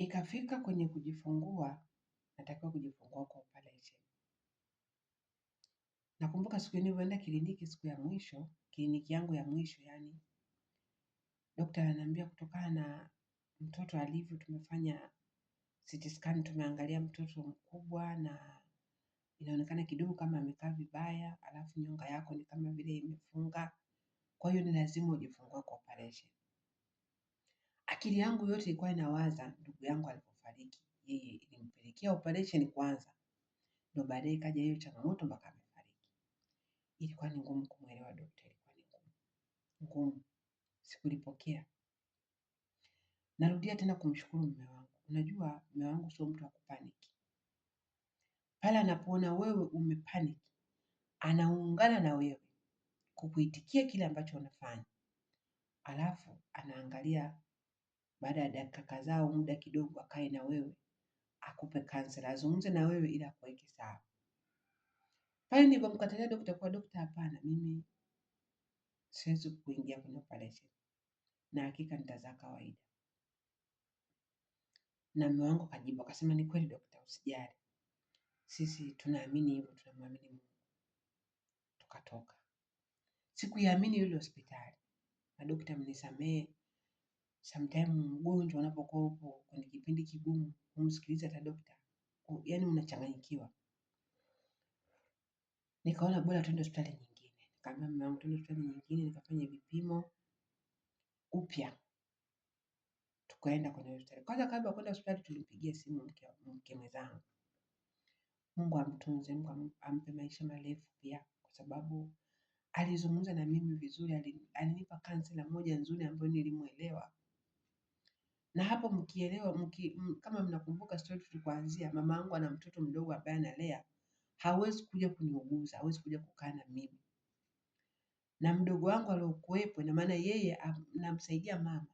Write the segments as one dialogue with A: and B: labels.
A: Ikafika kwenye kujifungua, natakiwa kujifungua kwa operation. Nakumbuka siku nilivyoenda kliniki siku ya mwisho, kliniki yangu ya mwisho yani, daktari ananiambia kutokana na mtoto alivyo, tumefanya CT scan, tumeangalia mtoto mkubwa na inaonekana kidogo kama amekaa vibaya, alafu nyonga yako ni kama vile imefunga, kwa hiyo ni lazima ujifungue kwa operation. Akili yangu yote ilikuwa inawaza ndugu yangu alipofariki, yeye ilimpelekea operation kwanza, ndo baadaye kaja hiyo changamoto mpaka amefariki. Ilikuwa ni ngumu kumwelewa daktari, ilikuwa ni ngumu ngumu, sikulipokea. Narudia tena kumshukuru mume wangu. Unajua mume wangu sio mtu wa kupaniki, pale anapoona wewe umepaniki anaungana na wewe kukuitikia kile ambacho unafanya, alafu anaangalia baada ya dakika kadhaa au muda kidogo akae na wewe, akupe kansela, azungumze na wewe ili akuweke sawa. Pale nilipomkatalia dokta kwa dokta, hapana, mimi siwezi kuingia kwenye operation na hakika nitazaa kawaida. Na mume wangu kajibu akasema, ni kweli dokta, usijali, sisi tunaamini hivyo, tunamwamini Mungu. Tukatoka. Sikuiamini yule hospitali, na dokta, mnisamehe sometime mgonjwa anapokuwa huko kwenye kipindi kigumu, kumsikiliza hata dokta, yani unachanganyikiwa. Nikaona bora tuende hospitali nyingine, nikaambia mume wangu tuende hospitali nyingine, nikafanya vipimo upya, tukaenda kwenye hospitali. Kwanza kabla ya kwenda hospitali, tulimpigia simu mke, mke mwenzangu. Mungu amtunze, Mungu ampe maisha marefu pia, kwa sababu alizungumza na mimi vizuri, alinipa kansela moja nzuri ambayo nilimwelewa. Na hapo mkielewa mki, m, kama mnakumbuka story tulikuanzia, mama yangu ana mtoto mdogo ambaye analea, hawezi kuja kuniuguza, hawezi kuja kukaa na mimi. Na mdogo wangu aliokuwepo, ina maana yeye namsaidia mama.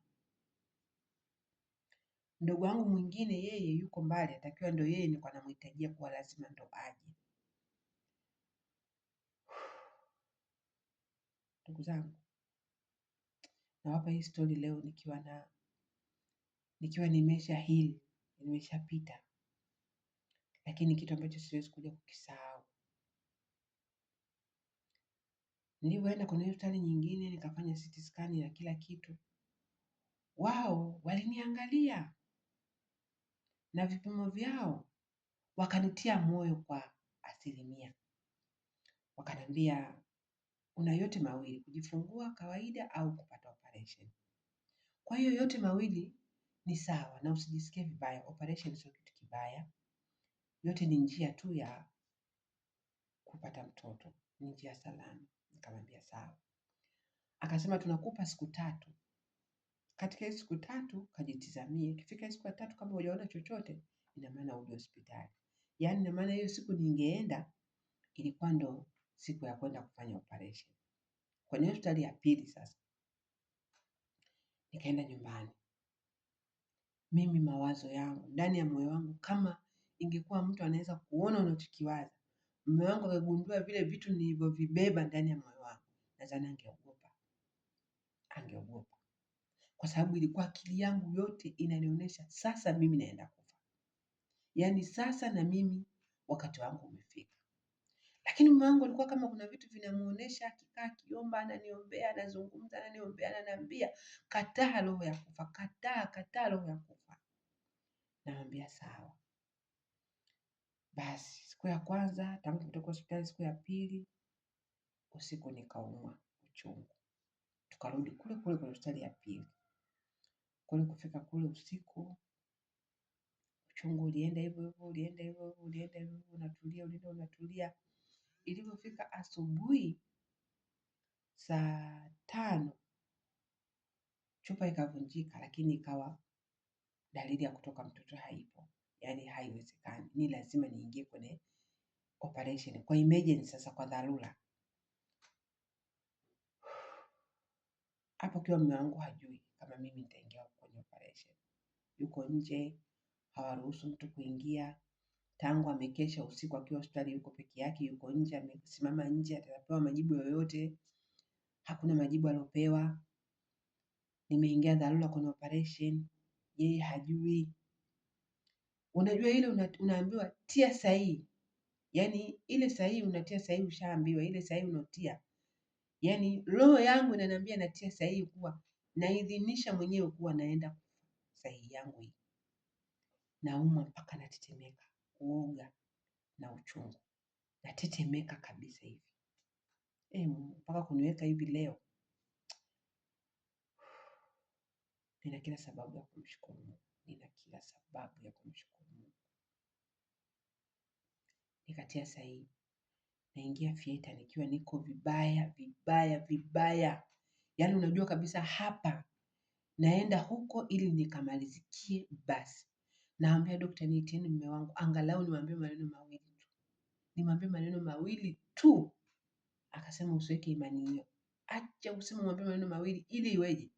A: Mdogo wangu mwingine yeye yuko mbali, atakiwa ndo yeye niko namhitajia kuwa lazima ndo aje. Ndugu zangu, nawapa hii stori leo nikiwa na nikiwa nimesha hili nimeshapita, lakini kitu ambacho siwezi kuja kukisahau. Nilivyoenda kwenye hospitali nyingine nikafanya CT scan na kila kitu, wao waliniangalia na vipimo vyao wakanitia moyo kwa asilimia, wakaniambia una yote mawili, kujifungua kawaida au kupata operation. Kwa hiyo yote mawili ni sawa na usijisikie vibaya. Operation sio kitu kibaya, yote ni njia tu ya kupata mtoto, ni njia salama. Nikamwambia sawa. Akasema tunakupa siku tatu, katika hizo siku tatu kajitizamie. Ikifika siku ya tatu kama hujaona chochote, ina maana uje hospitali. Yaani ina maana hiyo siku ningeenda ilikuwa ndo siku ya kwenda kufanya operation kwenye hospitali ya pili. Sasa nikaenda nyumbani mimi mawazo yangu ndani ya moyo wangu, kama ingekuwa mtu anaweza kuona unachokiwaza, mume wangu angegundua vile vitu nilivyovibeba ndani ya moyo wangu, nadhani angeogopa, angeogopa kwa sababu ilikuwa akili yangu yote inanionyesha sasa mimi naenda kufa, yaani sasa na mimi wakati wangu umefika. Lakini mume wangu alikuwa kama kuna vitu vinamuonesha, akikaa akiomba, ananiombea, anazungumza, ananiombea, ananiambia, kataa roho ya kufa, kataa, kataa roho ya kufa. Namwambia sawa. Basi siku ya kwanza tangu tumetoka hospitali, siku ya pili usiku nikaumwa uchungu, tukarudi kule kule kwenye hospitali ya pili. Kule kufika kule usiku, uchungu ulienda hivyo hivyo, ulienda hivyo hivyo, ulienda hivyo hivyo, unatulia, ulienda unatulia. Ilivyofika asubuhi saa tano chupa ikavunjika, lakini ikawa dalili ya kutoka mtoto haipo, yani haiwezekani, ni lazima niingie kwenye operation kwa emergency, sasa kwa dharura. Hapo kiwa mume wangu hajui kama mimi nitaingia kwenye operation, yuko nje, hawaruhusu mtu kuingia tangu amekesha usiku akiwa hospitali, yuko peke yake, yuko nje, amesimama nje, atapewa majibu yoyote? Hakuna majibu aliopewa. Nimeingia dharura kwenye operation, yeye hajui? Unajua ile una, unaambiwa tia sahihi, yaani ile sahihi unatia sahihi, ushaambiwa ile sahihi unatia yaani roho yangu inaniambia natia sahihi kuwa naidhinisha mwenyewe kuwa naenda sahihi yangu hii. Naumwa mpaka natetemeka, kuoga na uchungu, natetemeka kabisa hivi e, mpaka kuniweka hivi leo Nina kila sababu ya kumshukuru Mungu, nina kila sababu ya kumshukuru Mungu. Nikatia sahihi, naingia fieta nikiwa niko vibaya vibaya vibaya, yaani unajua kabisa hapa naenda huko ili nikamalizikie. Basi naambia dokta, niitieni mme wangu, angalau niwaambie maneno mawili tu, nimwambie maneno mawili tu. Akasema usiweke imani hiyo, acha useme, mwambie maneno mawili ili iweje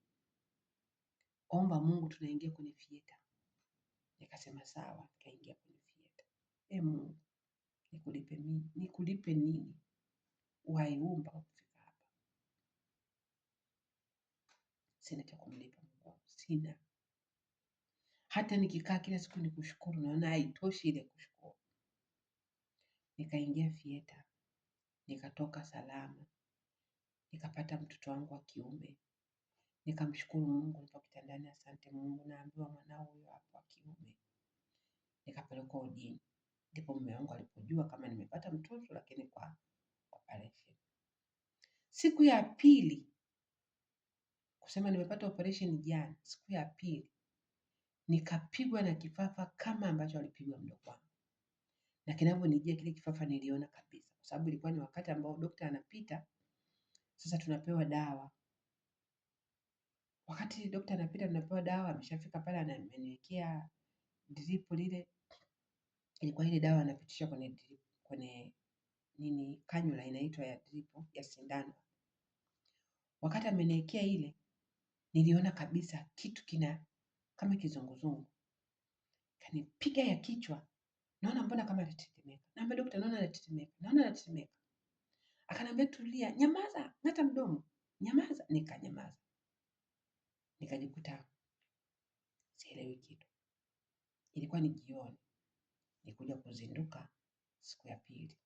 A: omba Mungu, tunaingia kwenye fieta. Nikasema sawa, nikaingia kwenye fieta. E Mungu, nikulipe nini? Nikulipe nini uhai huu mpaka kufika hapa? Sina cha kumlipa Mungu wangu, sina. Hata nikikaa kila siku nikushukuru, naona haitoshi ile kushukuru. Nikaingia fieta, nikatoka salama, nikapata mtoto wangu wa kiume Nikamshukuru Mungu, nipo kitandani, asante Mungu, naambiwa mwanao huyo hapo wa kiume. Nikapelekwa ujini ndipo mume wangu alipojua kama nimepata mtoto, lakini kwa operation. Siku ya pili kusema nimepata operation jana, siku ya pili nikapigwa na kifafa kama ambacho alipigwa mdogo wangu, na kinavyonijia kile kifafa niliona kabisa, kwa sababu ilikuwa ni wakati ambao dokta anapita sasa tunapewa dawa Wakati dokta anapita napewa dawa, ameshafika pale ananiwekea drip lile, ilikuwa ile dawa anapitisha kwenye drip, kwenye nini kanyula inaitwa ya drip ya sindano. Wakati ameniwekea ile, niliona kabisa kitu kina kama kizunguzungu kanipiga ya kichwa, naona mbona kama anatetemeka. Naambia dokta, naona anatetemeka, naona anatetemeka. akanambia tulia, nyamaza, ng'ata mdomo, nyamaza. Nikanyamaza nikajikuta sielewi kitu. Ilikuwa ni jioni, nikuja kuzinduka siku ya pili.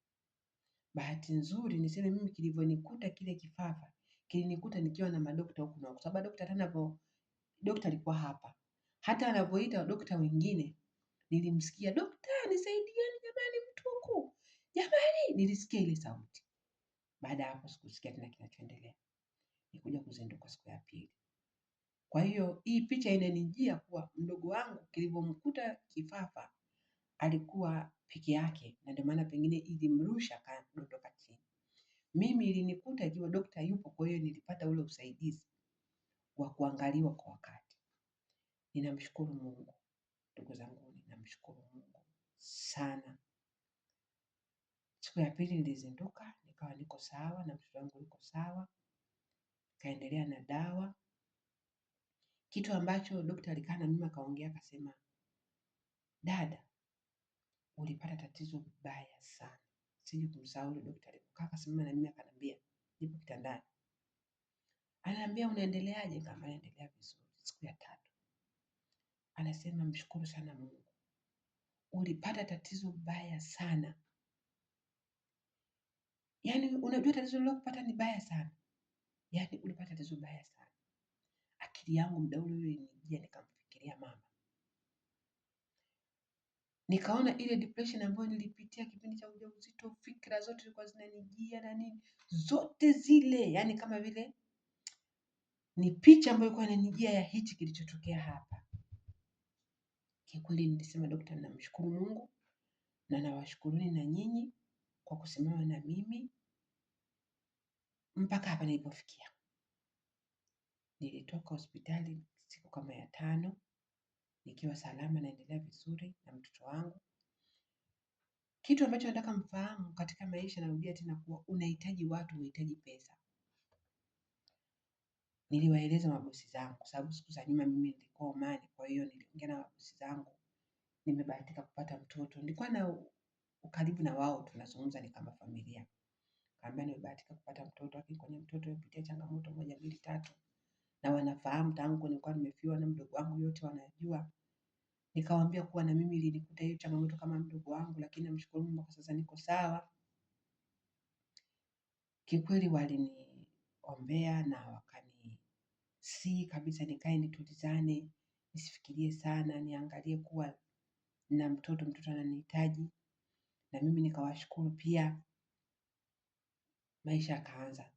A: Bahati nzuri niseme mimi, kilivyonikuta kile kifafa kilinikuta nikiwa na madokta huku kwa sababu dokta tanavyo dokta alikuwa hapa, hata anavyoita dokta wengine nilimsikia, dokta nisaidieni jamani, mtu jamani, nilisikia ile sauti. Baada ya hapo sikusikia tena kinachoendelea. Nikuja kuzinduka siku ya pili, kwa hiyo hii picha inanijia kuwa mdogo wangu kilivyomkuta kifafa alikuwa peke yake, na ndio maana pengine ilimrusha akadondoka chini. Mimi ilinikuta ikiwa dokta yupo, kwa hiyo nilipata ule usaidizi wa kuangaliwa kwa wakati. Ninamshukuru Mungu ndugu zangu, ninamshukuru Mungu sana. Siku ya pili nilizinduka, nikawa niko sawa na mtoto wangu yuko sawa, kaendelea na dawa kitu ambacho dokta alikaa na mimi akaongea akasema, dada, ulipata tatizo baya sana. Sije kumsahau yule dokta alipokaa akasema na mimi akanambia, nipo kitandani, anaambia unaendeleaje? Kama naendelea vizuri. Siku ya tatu anasema, mshukuru sana Mungu, ulipata tatizo baya sana. Yaani unajua tatizo lilokupata ni baya sana, yaani ulipata tatizo baya sana akili yangu muda ule ule ilinijia nikamfikiria mama. Nikaona ile depression ambayo nilipitia kipindi cha ujauzito, fikra zote zilikuwa zinanijia na nini, zote zile, yani kama vile ni picha ambayo ilikuwa inanijia ya hichi kilichotokea hapa. Kikweli nilisema dokta, namshukuru Mungu na nawashukuruni na nyinyi kwa kusimama na mimi mpaka hapa nilipofikia. Nilitoka hospitali siku kama ya tano, nikiwa salama naendelea vizuri na mtoto wangu. Kitu ambacho nataka mfahamu katika maisha narudia tena kuwa unahitaji watu, unahitaji pesa. Niliwaeleza mabosi zangu kwa sababu siku za nyuma mimi nilikuwa Omani, kwa hiyo niliongea na mabosi zangu. Nimebahatika kupata mtoto. Nilikuwa na ukaribu na wao tunazungumza ni kama familia. Kaambia nimebahatika kupata mtoto lakini kwenye mtoto nimepitia changamoto moja mbili tatu na wanafahamu tangu nilikuwa nimefiwa na mdogo wangu, yote wanajua. Nikawaambia kuwa na mimi ilinikuta hiyo changamoto kama mdogo wangu, lakini namshukuru Mungu kwa sasa niko sawa. Kikweli waliniombea na si kabisa nikae nitulizane, nisifikirie sana, niangalie kuwa na mtoto, mtoto ananihitaji, na mimi nikawashukuru pia. Maisha yakaanza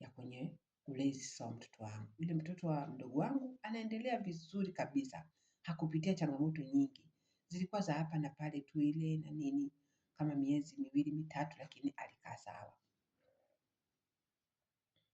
A: ya kwenye ulezi wa mtoto wangu. Yule mtoto wa mdogo wangu anaendelea vizuri kabisa, hakupitia changamoto nyingi, zilikuwa za hapa na pale tu, ile na nini, kama miezi miwili mitatu, lakini alikaa sawa.